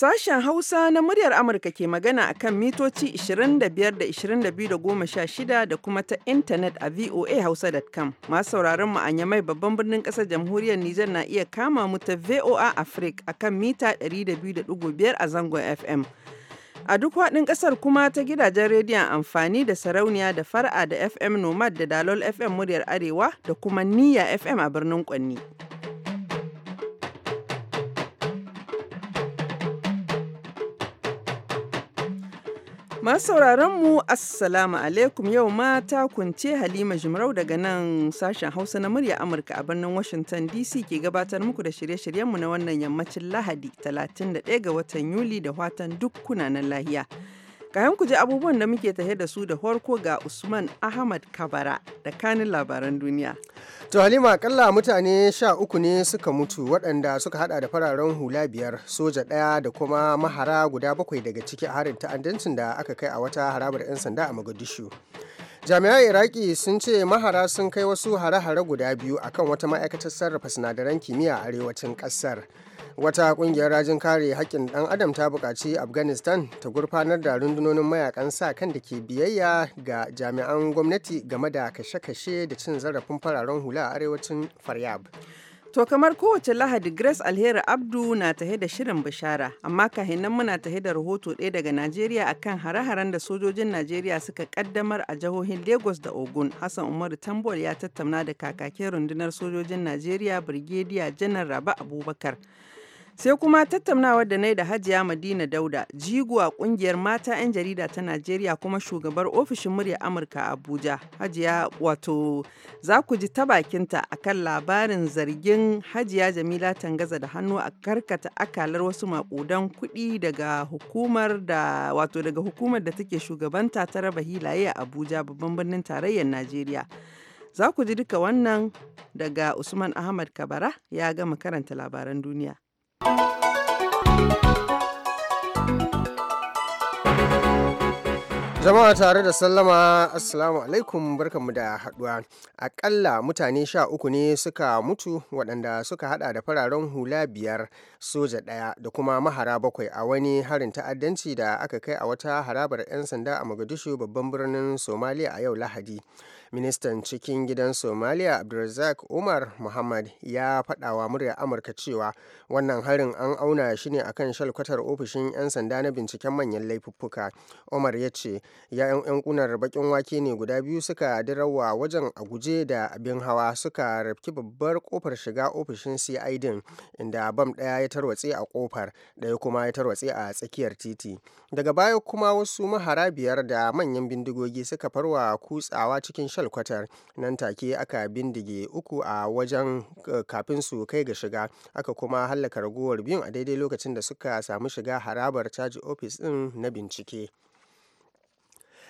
Sashen Hausa na muryar Amurka ke magana a kan mitoci 25 da 22 da 16 da kuma ta intanet a voahausa.com. Masu sauraron mu a babban birnin ƙasar jamhuriyar Nijar na iya kama mu ta VOA Africa a kan mita 200.5 a zangon FM. A duk waɗin ƙasar kuma ta gidajen rediyon amfani da sarauniya da far'a da FM Nomad da Dalol FM muryar Arewa da kuma niya FM a birnin Kwanni. Masu sauraron mu Assalamu alaikum yau ma ta kunce Halima Jimarau daga nan sashen Hausa na murya Amurka a birnin Washington DC ke gabatar muku da shirye-shiryenmu na wannan yammacin Lahadi 31 ga watan Yuli da watan duk kunanan lahiya. Kayan ku ji abubuwan da muke tahe da su da farko ga Usman Ahmad Kabara da kanin labaran duniya. To Halima kalla mutane sha uku ne suka mutu waɗanda suka hada da fararen hula biyar soja ɗaya da kuma mahara guda bakwai daga ciki a harin ta'addancin da aka kai a wata harabar 'yan sanda a Mogadishu. jami'an iraki sun ce mahara sun kai wasu hare-hare guda biyu akan wata ma'aikatar sarrafa sinadaran kimiyya a arewacin kasar wata kungiyar rajin kare hakkin ɗan adam ta bukaci afghanistan ta gurfanar da rundunonin mayakan sa kan da ke biyayya ga jami'an gwamnati game da kashe-kashe da cin zarafin fararen hula a arewacin faryab To kamar kowace Lahadi Grace Alheri Abdu na tahe da shirin bishara, amma kahinan muna tahe da rahoto ɗaya daga Najeriya akan hare-haren da sojojin Najeriya suka kaddamar a jihohin Lagos da Ogun. Hassan Umaru Tambol ya tattauna da kakakin rundunar sojojin Najeriya Brigadier Janar Raba Abubakar Sai kuma tattaunawar da na da Hajiya Madina Dauda, jiguwa kungiyar mata 'yan jarida ta Najeriya kuma shugabar ofishin murya Amurka Abuja. Hajiya wato za ku ji ta bakinta akan labarin zargin Hajiya Jamila Tangaza da hannu a karkata akalar wasu makudan kuɗi daga hukumar da wato daga hukumar da take shugabanta ta raba hilaye a Abuja babban birnin tarayyar Najeriya. Za ku ji duka wannan daga Usman Ahmad Kabara ya gama karanta labaran duniya. jama'a tare da sallama assalamu alaikum barkanmu da haduwa akalla mutane sha uku ne suka mutu waɗanda suka hada da fararen hula biyar soja ɗaya da kuma mahara bakwai a wani harin ta'addanci da aka kai a wata harabar 'yan sanda a mogadishu babban birnin somaliya a yau lahadi ministan cikin gidan somaliya abdulrazak umar muhammad ya faɗawa murya amurka cewa wannan harin an auna shi ne akan shalkwatar ofishin 'yan sanda na binciken manyan laifuffuka umar ya ce ya'yan 'yan kunar bakin wake ne guda biyu suka dirawa wajen a guje da abin hawa suka rafki babbar kofar shiga ofishin cid inda bam ɗaya ya tarwatse a kofar ɗaya kuma ya tarwatse a tsakiyar titi daga baya kuma wasu mahara biyar da manyan bindigogi suka farwa kutsawa cikin shal kwatar nan take aka bindige uku a wajen eh, kafin su kai ga shiga aka kuma hallaka ragowar biyun a daidai lokacin da suka samu shiga harabar caji ofis din na bincike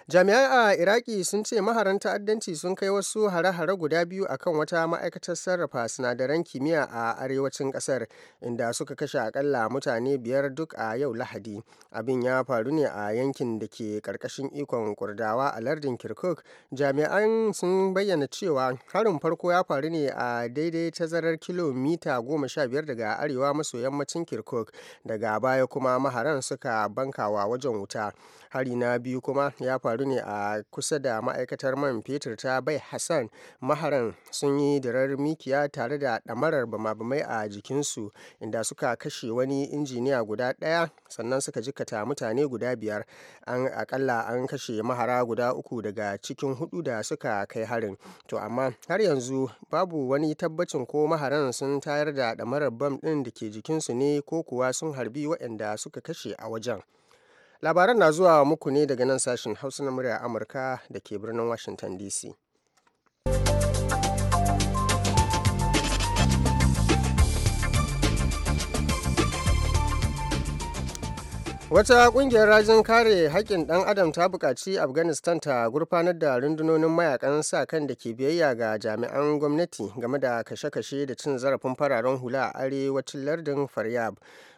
jami'ai a iraki sun ce maharan ta'addanci sun kai wasu hare-hare guda biyu akan wata ma'aikatar sarrafa sinadaran kimiyya a arewacin kasar inda suka kashe akalla mutane biyar duk a yau lahadi abin ya faru ne a yankin da ke karkashin ikon kurdawa a lardin kirkuk jami'an sun bayyana cewa harin farko ya faru ne a daidai tazarar kilomita goma sha biyar daga arewa maso yammacin kirkuk daga baya kuma maharan suka bankawa wajen wuta hari na biyu kuma ya faru ne a kusa da ma'aikatar man fetur ta bai hassan maharan sun yi dirar mikiya tare da ɗamarar bama-bamai a jikinsu inda suka kashe wani injiniya guda ɗaya sannan suka jikata mutane guda biyar an akalla an kashe mahara guda uku daga cikin hudu da suka kai harin to amma har yanzu babu wani tabbacin ko maharan sun tayar da ɗamarar bam ɗin da ke jikinsu ne ko kuwa sun harbi waɗanda suka kashe a wajen. labaran na zuwa muku ne daga nan sashen hausa na murya amurka da ke birnin washington dc Wata kungiyar rajin kare haƙƙin ɗan adam ta buƙaci Afghanistan ta gurfanar da rundunonin mayakan sa kan da ke biyayya ga jami'an gwamnati game da kashe-kashe da cin zarafin fararen hula a arewacin lardin Faryab.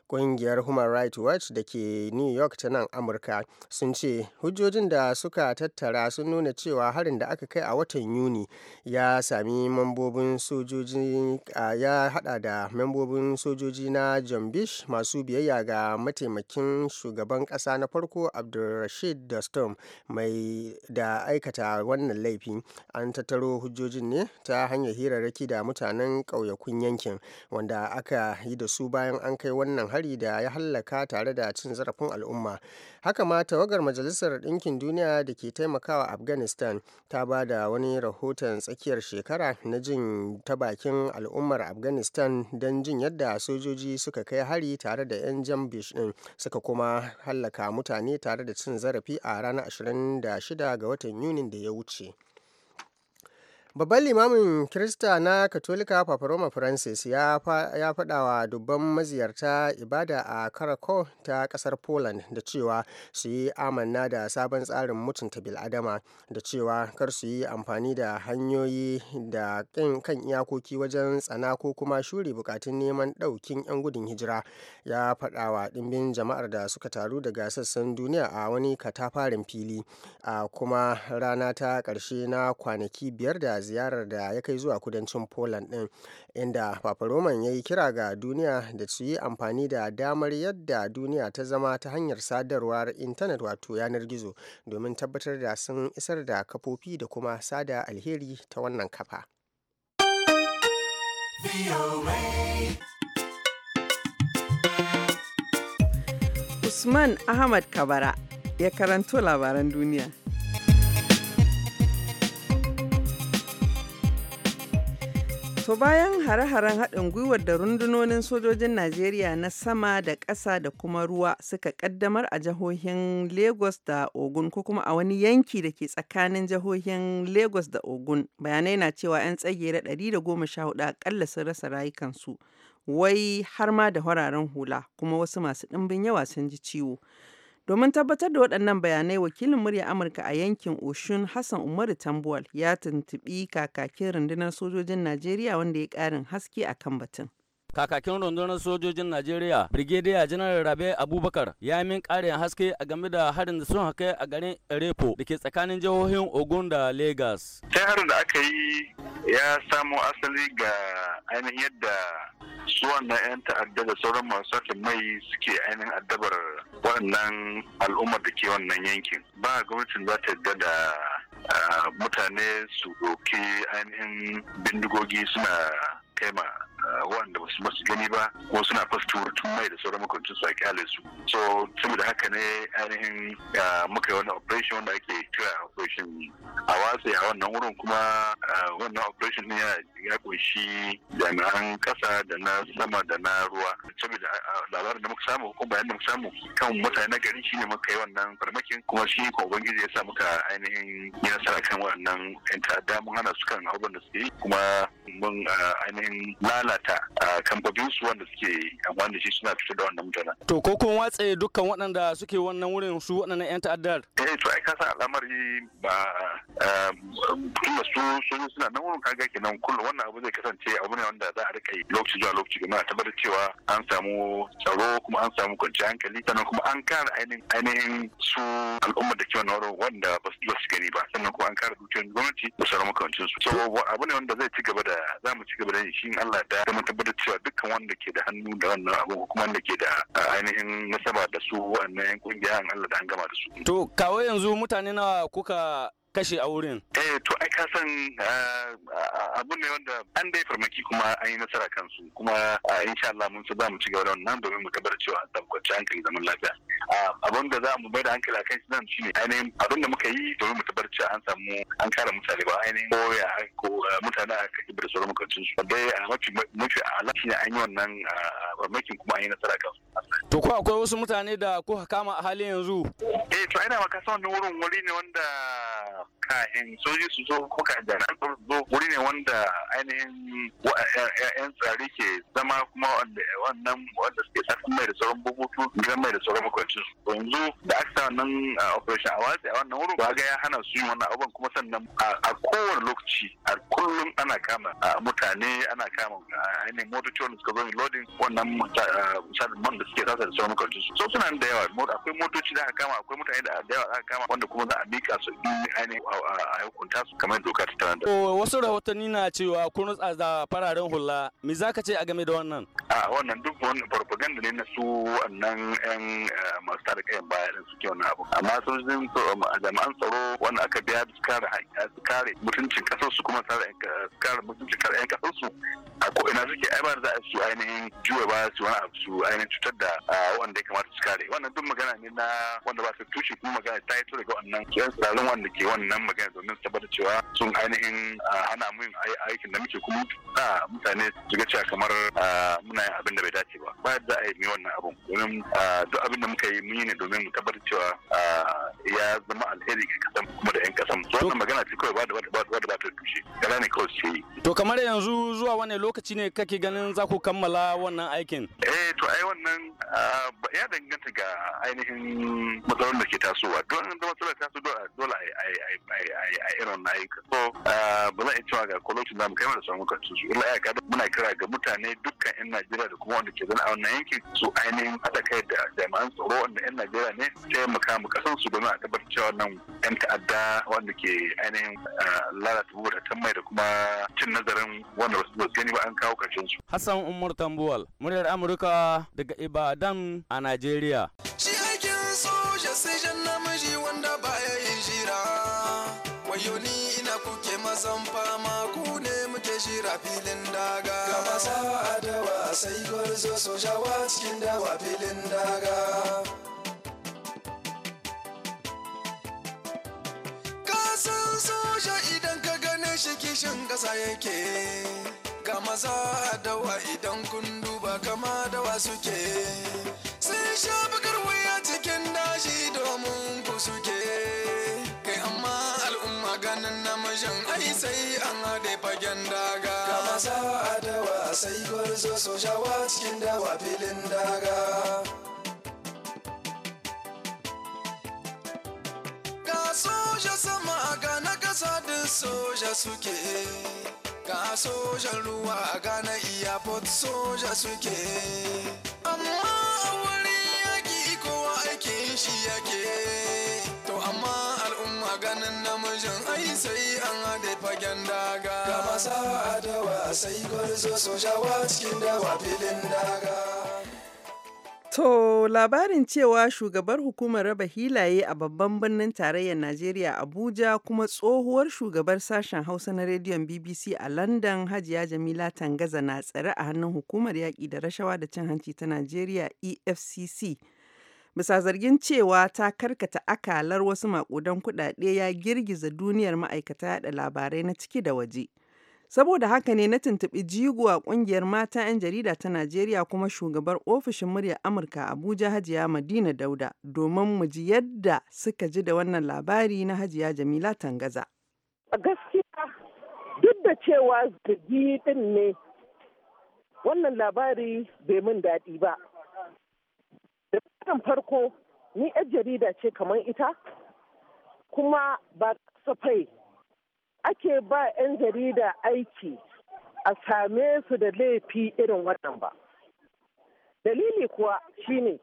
Ƙungiyar Human Rights Watch da ke New York ta nan Amurka sun ce hujjojin da suka tattara sun nuna cewa harin da aka kai a watan Yuni ya sami mambobin sojoji ya hada da membobin sojoji na Jambish masu biyayya ga mataimakin shugaban kasa na farko Abdulrashid storm mai da aikata wannan laifi an tattaro hujjojin ne ta hanyar hirarraki da mutanen ƙauyakun yankin wanda aka yi da su bayan an kai wannan hari da ya hallaka tare da cin zarafin al'umma haka ma tawagar majalisar ɗinkin duniya da ke taimakawa afghanistan ta ba da wani rahoton tsakiyar shekara na jin ta bakin al'ummar afghanistan don jin yadda sojoji suka kai hari tare da 'yan jambish ɗin suka kuma hallaka mutane tare da cin zarafi a ranar 26 ga watan yunin da ya wuce. babban limamin kirista na katolika paparoma francis ya faɗa wa dubban maziyarta ibada a karako ta ƙasar poland da cewa su yi amanna da sabon tsarin mutunta biladama da cewa kar su yi amfani da hanyoyi da kan iyakoki wajen tsana ko kuma shuri bukatun neman ɗaukin 'yan gudun hijira ya faɗa wa ɗimbin jama'ar da suka taru daga sassan duniya a wani katafarin fili a kuma rana ta ƙarshe na kwanaki biyar da ziyarar da ya kai zuwa kudancin poland din inda fafaroman ya yi kira ga duniya da su yi amfani da damar yadda duniya ta zama ta hanyar sadarwar intanet wato yanar gizo domin tabbatar da sun isar da kafofi da kuma sada alheri ta wannan kafa. Usman Ahmad Kabara ya karanto labaran duniya. To bayan hare-haren haɗin gwiwar da rundunonin sojojin Najeriya na sama da ƙasa da kuma ruwa suka ƙaddamar a jihohin Lagos da Ogun ko kuma a wani yanki da ke tsakanin jihohin Lagos da Ogun bayanai na cewa 'yan tsagera 114 akalla sun rasa rayukansu wai har ma da hararen hula kuma wasu masu ɗimbin yawa sun ji ciwo. Domin tabbatar da waɗannan bayanai wakilin murya Amurka a yankin Oshun Hassan Umaru Tambuwal ya tuntuɓi kakakin rundunar sojojin Najeriya wanda ya ƙarin haske a kan batun. kakakin rundunar sojojin Najeriya Brigadier General Rabe Abubakar ya min ƙarin haske a game da harin da sun haka a garin Erepo da ke tsakanin jihohin Ogun da Legas. Sai harin da aka yi ya samo asali ga ainihin yadda su wannan 'yan ta'adda da sauran masu sake mai suke ainihin addabar wannan al'ummar da ke wannan yankin ba gwamnatin za ta yadda da mutane su ɗauki ainihin bindigogi suna kai Eh, wanda basu masu gani ba kuma suna fastura tun mai da sauran makwancin su a kyale su so saboda haka ne ainihin eh, muka yi wani operation wanda ake kira operation a watsi a wannan wurin kuma eh, wannan operation ne ya kunshi jami'an kasa da na sama da na ruwa saboda labarin da muka samu ko bayan da muka samu kan mutane na gari shine muka yi wannan farmakin kuma shi ko ubangiji ya sa muka ainihin yi nasara kan wannan yan ta'adda mun hana su kan abubuwan da suke yi kuma mun ainihin lalata lalata kamfanin su wanda suke amfani da shi suna fito da wannan mutanen. To ko kun watse dukkan waɗanda suke wannan wurin su waɗannan 'yan ta'addar? Eh to ai kasa al'amari ba kuma su sun suna nan wurin kaga kenan kullum wannan abu zai kasance abu ne wanda za a rika yi lokaci zuwa lokaci kuma a tabbatar cewa an samu tsaro kuma an samu kwanciyar hankali sannan kuma an kare ainihin su al'ummar da ke wannan wanda ba su gani ba sannan kuma an kare dukiyar gwamnati da sauran makamancin su. So abu ne wanda zai ci gaba da za mu ci gaba da yin shi Allah da da ya tabbatar cewa dukkan wanda ke da hannu da wannan abu kuma wanda ke da ainihin nasaba da su wa'annan kungiya an Allah da an gama da su. To kawo yanzu mutane nawa kuka kashe a wurin. Eh to ai ka san ah, abu ne wanda an dai farmaki kuma an yi nasara kansu kuma ah, insha Allah mun ba mu ci gaba da wannan domin mu tabbatar cewa an an hankali zaman lafiya. Ah, abin da za mu bai da hankali a kan nan shine ainihin abin da muka yi domin mu tabbatar cewa an samu an kare mutane ba ainihin ko ya ko mutane a kan da sauran makarantun su. Dai mafi mafi ala ne an yi wannan farmakin kuma an yi nasara kansu. To ko akwai wasu mutane da kuka kama a halin yanzu? Eh to ina maka san wannan wurin wuri ne wanda kahin soji su zo ko da zo wuri ne wanda ainihin yan tsari ke zama kuma wanda wannan wanda suke tsarkin mai da sauran bubutu gidan mai da sauran makwancin su yanzu da aka sa wannan operation a watsi a wannan wurin ba ya hana su yin wannan abubuwan kuma sannan a kowane lokaci a kullum ana kama mutane ana kama ainihin motoci wanda suka zo loading lodin wannan man da suke tsasa da sauran makwancin su so suna da yawa akwai motoci da aka kama akwai mutane da yawa da aka kama wanda kuma za a mika su in ne a hukunta su kamar doka ta tana da. Wasu rahotanni na cewa kun rutsa da fararen hula me za ka ce a game da wannan? A wannan duk wani farfaganda ne na su wannan 'yan eh, masu tare kayan baya da suke wani abu. Amma sun zin jami'an tsaro wanda aka biya su kare mutuncin kasar su kuma kare mutuncin kare 'yan kasar su a ko ina suke ai ba za a su ainihin juya ba su wani abu su ainihin cutar da wanda ya kamata su kare. Wannan duk magana ne na wanda ba su tushe kuma magana ta yi daga wannan 'yan tsarin wanda ke wannan wannan magana domin saboda cewa sun ainihin hana mu yin aikin da muke kuma sa mutane su ga cewa kamar muna yin abin da bai dace ba ba yadda a yi wannan abun domin duk abin da muka yi mun yi ne domin mu tabbatar cewa ya zama alheri ga kasan kuma da 'yan kasan wannan magana ce kawai ba da ba ta tushe kana ne kawai ce to kamar yanzu zuwa wani lokaci ne kake ganin za ku kammala wannan aikin eh to ai wannan ya danganta ga ainihin matsalolin da ke tasowa don matsalar tasowa dole a irin na ayyuka. So uh, ba za a cewa ga kwalokin da kai da samun kansu su illa ya kada muna kira ga mutane dukkan 'yan Najeriya da kuma wanda ke zana a wannan yankin su ainihin haɗa kai da jami'an tsaro wanda 'yan Najeriya ne taimaka mu kasan su domin a tabbatar cewa nan 'yan ta'adda wanda ke ainihin uh, lalata bubutatan mai da kuma cin nazarin wanda ba su gani ba an kawo karshen su. Hassan Umar Tambuwal, muryar Amurka daga Ibadan a Najeriya. san fama ku ne muke shira filin daga ga sawa a dawa sai gwarzo jawa cikin dawa filin daga kasan soja idan ka gane shi kishin kasa yake ga maza a dawa idan kun duba kama dawa suke sun shafi wuya cikin dashi domin ku suke ai sai an haɗe fagen daga kama sawa adawa sai gwarzo sojawa cikin dawa filin daga ga soja sama ga na kasa duk soja suke ga sojan ruwa ga na iyapot soja suke amma a wuri yaki kowa aikin shi yake to amma al'umma ganin namijin ai sai fagen daga sai gwarzo cikin dawa filin daga To labarin cewa shugabar hukumar raba hilaye a babban birnin tarayyar Najeriya Abuja kuma tsohuwar shugabar sashen Hausa na rediyon BBC a London Hajiya Jamila Tangaza na tsare a hannun hukumar yaƙi da rashawa da cin hanci ta Najeriya EFCC. bisa zargin cewa ta karkata akalar wasu makudan kudade ya girgiza duniyar ma'aikata yada labarai na ciki da waje saboda haka ne na tuntuɓi jigo ƙungiyar mata 'yan jarida ta najeriya kuma shugabar ofishin murya amurka abuja hajiya madina dauda domin mu ji yadda suka ji da wannan labari na hajiya jamila tangaza a gaskiya duk da cewa zargi din ne wannan labari bai min daɗi ba da farko ni yan jarida ce kamar ita kuma ba safai ake ba 'yan jarida aiki a same su da laifi irin wannan ba dalili kuwa shine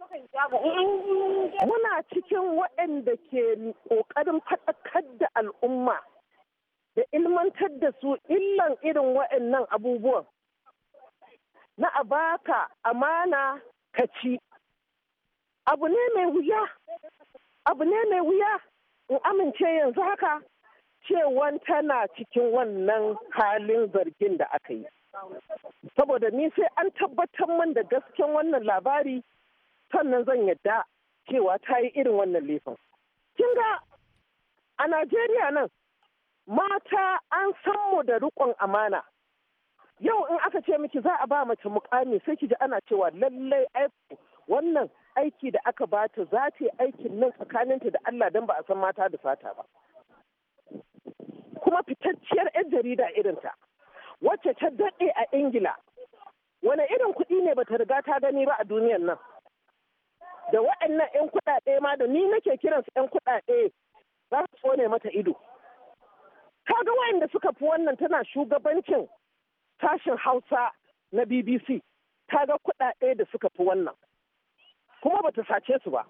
muna cikin waɗanda ke ƙoƙarin faɗakar da al'umma da ilmantar da su illan irin waɗannan abubuwan na abaka amana ka ci abu ne mai wuya abu ne mai wuya in amince yanzu haka cewan tana cikin wannan halin zargin da aka yi saboda ni sai an tabbatar min da gasken wannan labari sannan zan yadda cewa ta yi irin wannan laifin kin ga a najeriya nan mata an san mu da rikon amana yau in aka ce miki za a ba mace mukami sai ki ji ana cewa lallai aiko wannan aiki da aka bata za ta yi aikin nan tsakaninta da Allah don ba a san mata da sata ba. Kuma fitacciyar 'yan jarida irinta, wacce ta daɗe a Ingila, wane irin kuɗi ne ba ta riga ta gani ba a duniyan nan. Da waɗannan 'yan kuɗaɗe ma da ni nake kiransu 'yan kuɗaɗe za su tsone mata ido. Ka ga waɗanda suka fi wannan tana shugabancin sashen Hausa na BBC. Ta ga kuɗaɗe da suka fi wannan. kuma ba ta sace su ba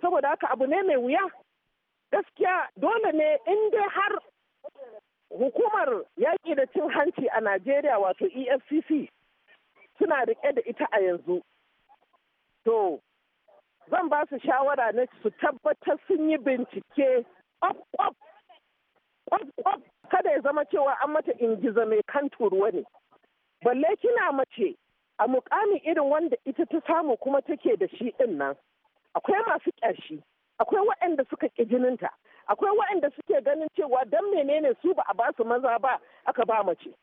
saboda haka abu ne mai wuya gaskiya dole ne in dai har hukumar yaƙi da cin hanci a najeriya wato efcc suna riƙe da ita a yanzu to zan ba su shawara na su tabbatar sun yi bincike kada ya zama cewa an mata ingiza mai kan ne balle kina mace a mukami irin wanda ita ta samu kuma take da shi din nan akwai masu ƙyashi akwai waɗanda suka ƙi jininta akwai waɗanda suke ganin cewa don menene su ba a ba su maza ba aka ba mace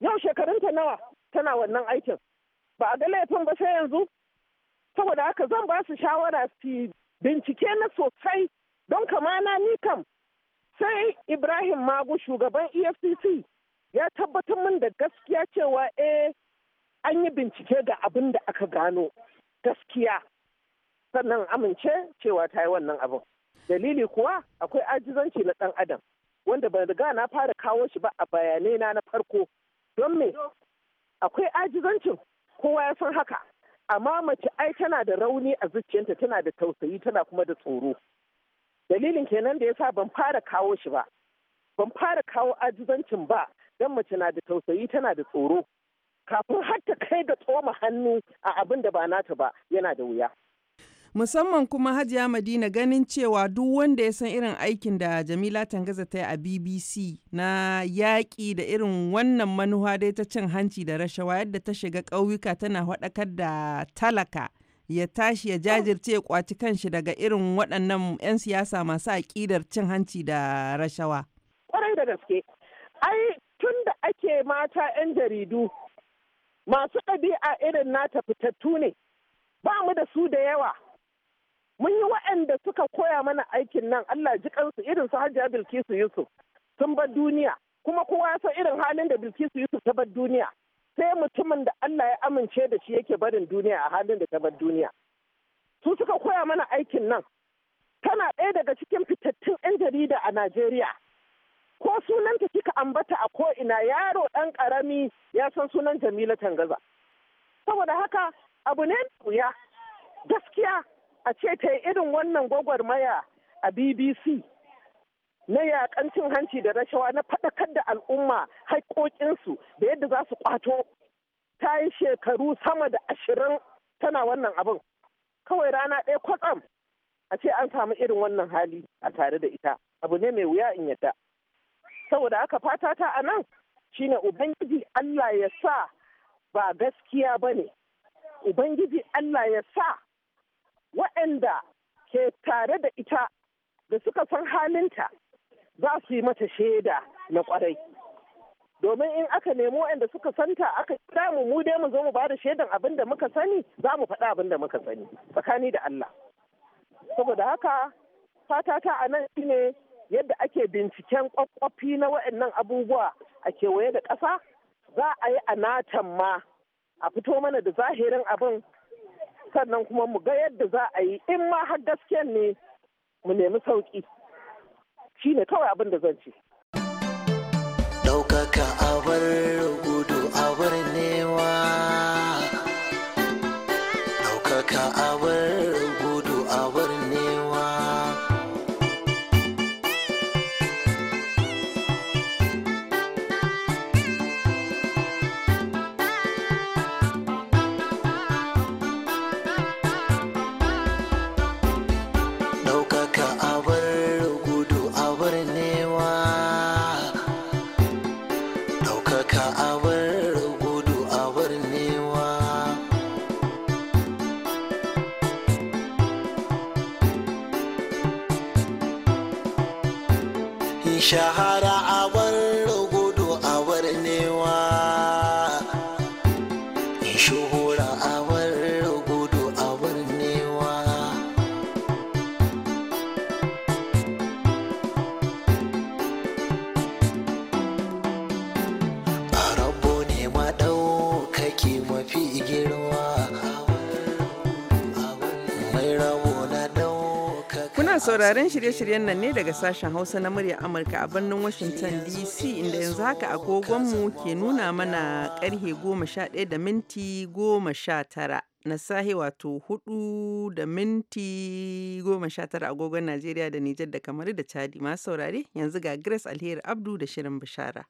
yau shekarunta nawa tana wannan aikin ba a ga laifin ba sai yanzu saboda haka zan ba su shawara su bincike na sosai don kamana ni kam sai ibrahim magu shugaban efcc ya tabbatar min da gaskiya cewa eh an yi bincike da abin da aka gano gaskiya sannan amince cewa ta yi wannan abin dalili kuwa akwai ajizanci na ɗan adam wanda ban riga na fara kawo shi ba a bayanai na na farko don me akwai ajizancin kowa ya san haka amma mace ai tana da rauni a zuciyarta tana da tausayi tana kuma da tsoro dalilin kenan da ya sa ban fara kawo shi ba ban fara kawo ajizancin ba don mace na da tausayi tana da tsoro kafin har ta kai da tsoma hannu a abin da ba nata ba yana da wuya. Musamman kuma Hajiya Madina ganin cewa duk wanda ya san irin aikin da Jamila Tangaza ta yi a BBC na yaƙi da irin wannan manuwa dai ta cin hanci da rashawa yadda ta shiga ƙauyuka tana haɗakar da talaka ya tashi ya jajirce ya kwaci shi daga irin waɗannan 'yan siyasa masu aƙidar cin hanci da rashawa. Kwarai da gaske, ai tun da ake mata 'yan jaridu masu ɗabi'a irin nata fitattu ne ba mu da su da yawa mun yi waɗanda suka koya mana aikin nan Allah ji kansu irin su Hajiya Bilkisu Yusuf sun bar duniya kuma kowa san irin halin da Bilkisu Yusuf ta bar duniya sai mutumin da Allah ya amince da shi yake barin duniya a halin da ta bar duniya su suka koya mana aikin nan tana ɗaya daga cikin fitattun 'yan jarida a Najeriya ko sunanta kika ambata a ko ina yaro ɗan ƙarami ya san sunan Jamila Tangaza. Saboda haka abu ne wuya gaskiya a ce ta irin wannan gwagwarmaya a BBC na yakan cin hanci da rashawa na faɗakar da al'umma haƙoƙinsu da yadda za su ƙwato ta yi shekaru sama da ashirin tana wannan abin kawai rana ɗaya kwatsam a ce an samu irin wannan hali a tare da ita abu ne mai wuya in yadda saboda haka fata ta a nan shine ubangiji allah ya sa ba gaskiya ba ne ubangiji allah ya sa waɗanda ke tare da ita da suka san halinta za su yi mata shaida na kwarai domin in aka nemi waɗanda suka santa aka kira mu mu dai mu zo mu bada shaidan abin da muka sani za mu faɗa abin da muka sani tsakani da Allah saboda haka fata ta a nan shine yadda ake binciken kwakwafi na waɗannan abubuwa a kewaye da ƙasa za a yi anatan ma a fito mana da zahirin abin sannan kuma mu ga yadda za a yi in ma har gasken ne mu nemi sauƙi shi ne kawai abin da zan ce. ɗaukaka abar gudu abar newa sauraron shirye-shiryen nan ne daga sashen Hausa na murya Amurka a birnin Washington DC inda yanzu haka agogonmu ke nuna mana karhe goma sha ɗaya da minti goma sha tara na sahi wato hudu da minti goma sha tara agogon Najeriya da Nijar da kamar da Chadi masu saurare yanzu ga Grace Alheri Abdu da Shirin Bishara.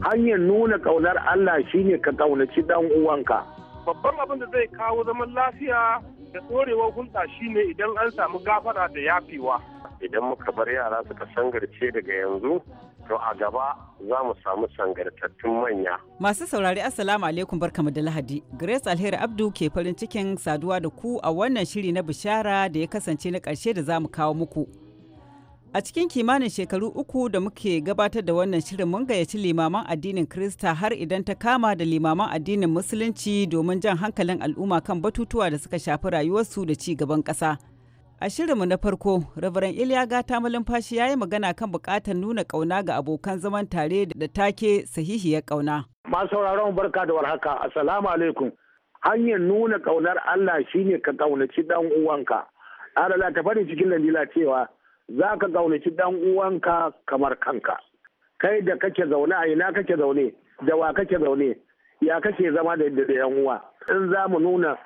hanyar nuna ƙaunar Allah shine ka ƙaunaci dan uwanka babban abin da zai kawo zaman lafiya da ɗorewar hulɗa shine idan an samu gafara da yafewa idan muka bar yara suka sangarce daga yanzu to a gaba za mu samu sangartattun manya. Masu saurari Assalamu alaikum barkamu da Lahadi. Grace Alheri Abdu ke farin cikin saduwa da ku a wannan shiri na bishara da ya kasance na ƙarshe da za mu kawo muku. A cikin kimanin shekaru uku da muke gabatar da wannan shirin mun gayyaci limaman addinin Krista har idan ta kama da limaman addinin Musulunci domin jan hankalin al'umma kan batutuwa da suka shafi rayuwarsu da ci gaban ƙasa. A shirinmu na farko, Reverend Iliya Gata Malumfashi ya yi magana kan buƙatar nuna ƙauna ga abokan zaman tare da take sahihiyar ƙauna. Masu sauraron barka da warhaka, Assalamu alaikum. Hanyar nuna ƙaunar Allah shine ka ƙaunaci dan uwanka. Adala ta faɗi cikin lalila cewa za ka gaunaci dan uwanka kamar kanka kai da kake zaune a ina kake zaune da wa kake zaune ya kake zama da da yan uwa in za mu nuna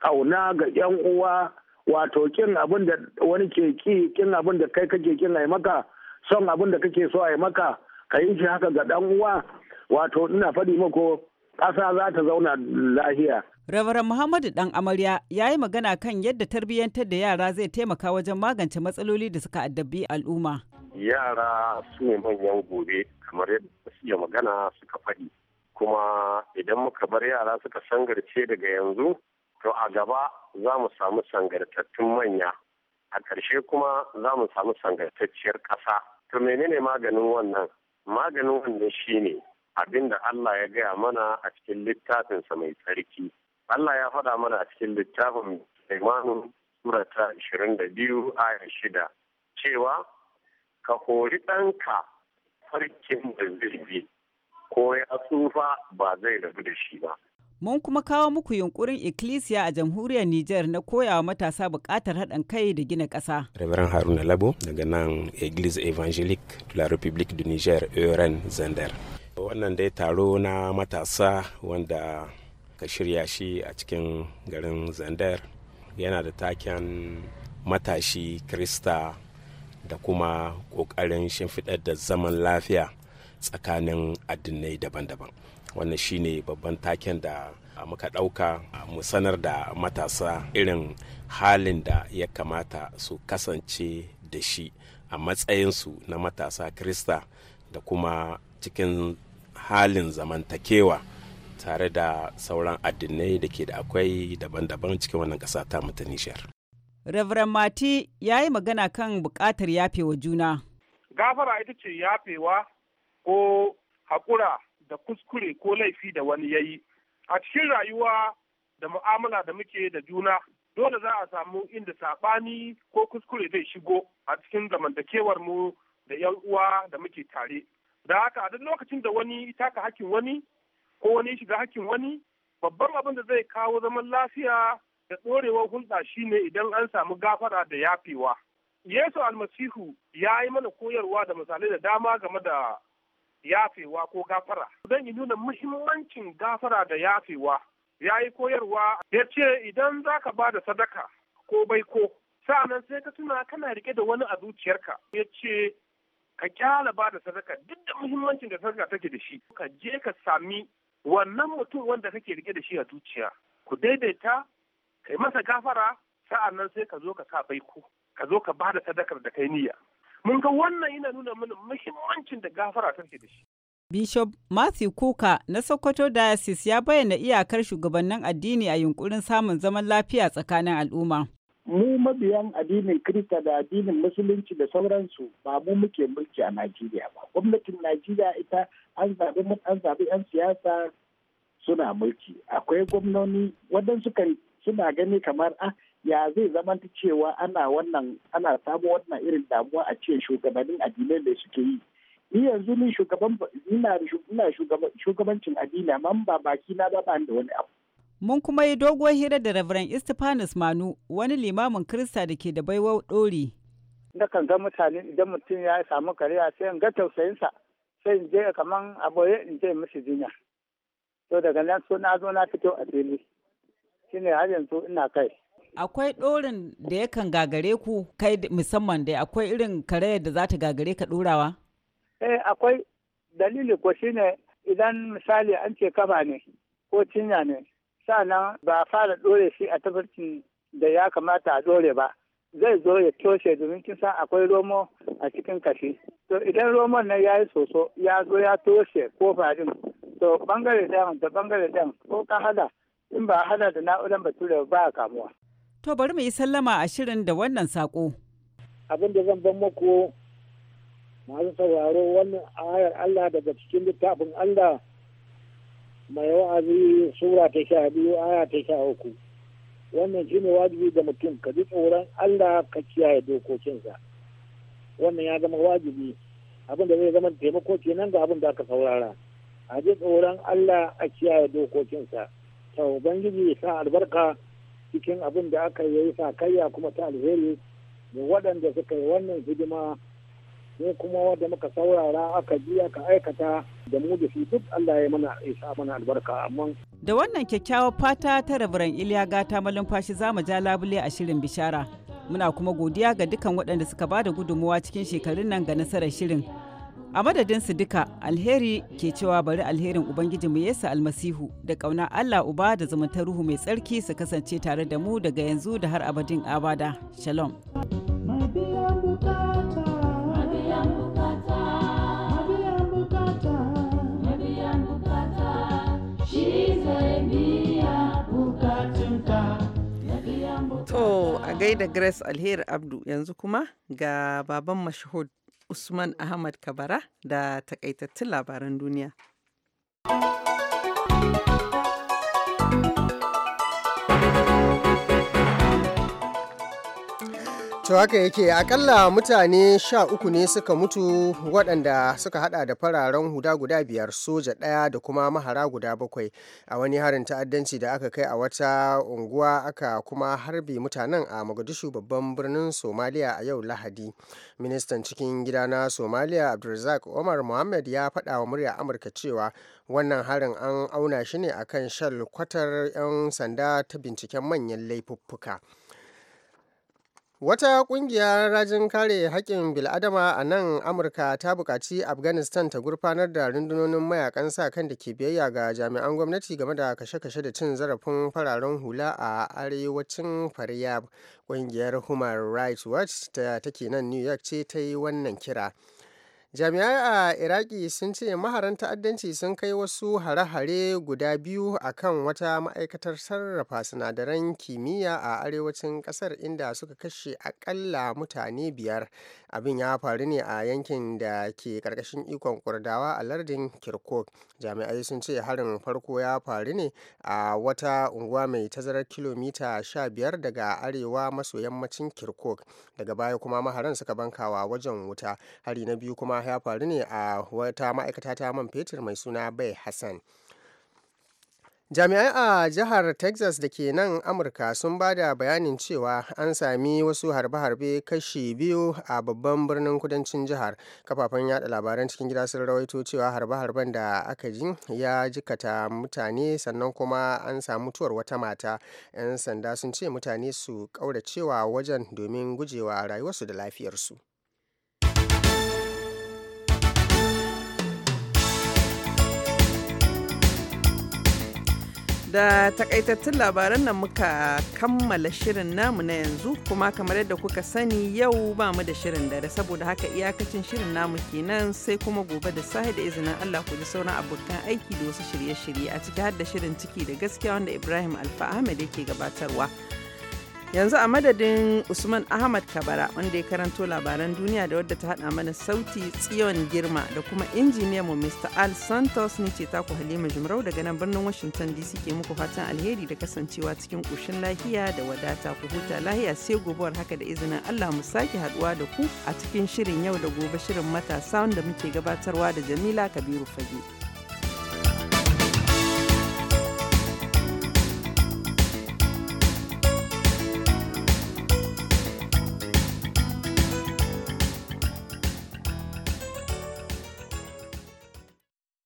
kauna ga yan uwa wato kin abin da wani ke ki kin abin da kai kake kin ai maka son abin da kake so ai maka ka yi shi haka ga dan uwa wato ina faɗi mako ƙasa za ta zauna lahiya. Rabaran Muhammadu Dan Amarya ya yi magana kan yadda tarbiyyantar da yara zai taimaka wajen magance matsaloli da suka addabi al'umma. Yara su ne manyan gobe kamar yadda su iya magana suka faɗi. Kuma idan muka bar yara suka sangarce daga yanzu, to a gaba za mu samu sangartattun manya. A ƙarshe kuma za mu samu sangartacciyar ƙasa. To menene maganin wannan? Maganin wannan shine Abin da Allah ya gaya mana a cikin littafinsa mai tsarki. Allah ya faɗa mana a cikin littafin Imanu Sura ta biyu aya shida cewa ka kori ɗanka farkin da zirbi ko ya tsufa ba zai rabu da shi ba. Mun kuma kawo muku yunkurin ikkilisiya a jamhuriyar Nijar na koyawa matasa buƙatar haɗin kai da gina ƙasa. Reverend Haruna Labo daga nan Eglise Evangelique de la République du Niger, Euren Zander. wannan dai taro na matasa wanda ka shirya shi a cikin garin zandar yana da taken matashi krista da kuma ƙoƙarin shimfiɗar da zaman lafiya tsakanin addinai daban-daban wannan shine babban taken da muka ɗauka mu sanar da matasa irin halin da ya kamata su kasance da shi a matsayinsu na matasa krista da kuma cikin halin zamantakewa tare da sauran addinai da ke da akwai daban-daban cikin wannan ƙasa ta mutu Nijar. Reverend Mati ya yi magana kan buƙatar yafewa juna. Gafara ita ce yafewa ko haƙura da kuskure ko laifi da wani ya yi. A cikin rayuwa da mu'amala da muke da juna dole za a samu inda saɓani ko kuskure zai shigo a cikin zamantakewar mu da 'yan uwa da muke tare. da haka a duk lokacin da wani taka hakkin wani ko wani shiga hakkin wani babban abin da zai kawo zaman lafiya da ɗorewar hulɗa shine idan an samu gafara da yafewa yesu almasihu ya yi mana koyarwa da misalai da dama game da yafewa ko gafara zan yi nuna muhimmancin gafara da yafewa ya yi koyarwa ya ce idan za ka ba da sadaka ko baiko sa'annan sai ka tuna kana rike da wani a zuciyarka ya ce ka kyara ba da sadaka duk da muhimmancin da sadaka take da shi ka je ka sami wannan mutum wanda kake rike da shi a zuciya ku daidaita kai masa gafara sa'an nan sai ka zo ka sa baiko ka zo ka ba da sadakar da kai niyya mun ga wannan yana nuna mana muhimmancin da gafara take da shi Bishop Matthew Kuka na Sokoto Diocese ya bayyana iyakar shugabannin addini a yunkurin samun zaman lafiya tsakanin al'umma. mu mabiyan addinin Kirista da addinin Musulunci da sauransu ba mu muke mulki a Najeriya ba. Gwamnatin Najeriya ita an zaɓi an zaɓi 'yan siyasa suna mulki. Akwai gwamnoni waɗansu kan suna gani kamar ah ya zai zamanta cewa ana wannan ana samu wannan irin damuwa a ce shugabannin addinai da suke yi. Ni yanzu ni shugaban ina shugabancin addini amma ba baki na ba ba da wani abu. Mun kuma yi doguwar hira da Reverend Istifanis Manu, wani limamin Kirista da ke da baiwar ɗori. kan ga mutane idan mutum ya samu kariya sai in ga tausayinsa, sai in je kaman a boye in je musu jinya. To daga nan so na zo na fito a fili. Shine har yanzu ina kai. Akwai ɗorin da yakan gagare ku kai musamman da akwai irin karayar da za ta gagare ka ɗorawa? Eh akwai dalili ko shine idan misali an ce kaba ne ko cinya ne sa nan ba a fara ɗore shi a tabbacin da ya kamata a ɗore ba zai zo ya toshe domin kisa akwai romo a cikin kashi to idan romon nan ya yi soso ya zo ya toshe kofa din to bangare dan da bangare dan ko ka hada in ba hada da na'urar bature ba a kamuwa to bari mu yi sallama a shirin da wannan sako abin da zan ban muku masu sauraro wannan ayar Allah daga cikin littafin Allah mai wa'azi sura ta sha biyu aya ta sha uku wannan shi ne wajibi ga mutum ka ji tsoron allah ka kiyaye dokokinsa wannan ya zama wajibi abin da zai zama taimako kenan ga abin da aka saurara a ji tsoron allah a kiyaye dokokinsa ta ubangiji sa albarka cikin abin da aka yi sa kaiya kuma ta alheri da waɗanda suka yi wannan hidima mu kuma wanda muka saurara aka ji aka aikata da mu da shi duk Allah ya mana isa mana albarka amma da wannan kyakkyawar fata ta rabaran Iliya gata malumfashi za mu ja labule a shirin bishara muna kuma godiya ga dukan waɗanda suka bada gudummawa cikin shekarun nan ga nasarar shirin a madadin su duka alheri ke cewa bari alherin ubangiji mu yesu almasihu da kauna allah uba da zumunta ruhu mai tsarki su kasance tare da mu daga yanzu da har abadin abada shalom gaida Grace Alheri Abdu yanzu kuma ga baban mashahud Usman Ahmad Kabara da takaitattun labaran duniya. To haka yake akalla mutane sha uku ne suka mutu waɗanda suka hada da fararen huda guda biyar soja ɗaya da kuma mahara guda bakwai a wani harin ta'addanci da aka kai a wata unguwa aka kuma harbe mutanen a magadishu babban birnin somalia a yau Lahadi. Ministan cikin gida na Somaliya Abdulrazak Omar Mohammed ya faɗa wa murya Amurka cewa wannan harin an auna shi ne akan shal kwatar 'yan sanda ta binciken manyan laifuffuka. Wata ƙungiyar rajin kare haƙƙin bil'adama a nan Amurka ta buƙaci Afghanistan ta gurfanar da rundunonin mayakan sa kan da ke biyayya ga jami'an gwamnati game da kashe-kashe da cin zarafin fararen hula a arewacin Faryab. Ƙungiyar Human Rights Watch ta take nan New York ce ta yi wannan kira. jami'ai a iraki sun ce maharan ta'addanci sun kai wasu hare-hare guda biyu a kan wata ma'aikatar sarrafa sinadaran kimiyya a arewacin kasar inda suka kashe akalla mutane biyar abin ya faru ne a yankin da ke karkashin ikon kurdawa a lardin kirkuk jami'ai sun ce harin farko ya faru ne a wata unguwa mai tazarar kilomita 15 daga arewa maso yammacin kirkuk daga baya kuma maharan suka bankawa wajen wuta hari na biyu kuma ya faru ne a wata ma'aikata ta man fetur mai suna bai hassan jami'ai a jihar texas da ke nan amurka sun ba da bayanin cewa an sami wasu harbe-harbe kashi biyu a babban birnin kudancin jihar kafafen yada labaran cikin gida sun rawaito cewa harbe-harben da aka ji ya jikata mutane sannan kuma an samu mutuwar wata mata 'yan sanda sun ce mutane su kauracewa wajen domin gujewa rayuwarsu da lafiyarsu Da takaitattun labaran nan muka kammala shirin namu na yanzu kuma kamar yadda kuka sani yau ba mu da shirin dare saboda haka iyakacin shirin namu kenan sai kuma gobe da sahi da izinin Allah ku ji sauran abokan aiki da wasu shirye-shirye a ciki har da shirin ciki da gaskiya wanda Ibrahim Alfa Ahmed yake gabatarwa. yanzu a madadin usman ahmad kabara wanda ya karanto labaran duniya da wadda ta hada mana sauti tsiyon girma da kuma mu mr al santos ni ce taku halima jumrau daga nan birnin washington dc ke muku fatan alheri da kasancewa cikin ƙoshin lahiya da wadata ku huta lahiya sai gobuwar haka da izinin allah mu sake haduwa da ku a cikin shirin yau da gobe shirin matasa wanda muke gabatarwa da jamila kabiru fage.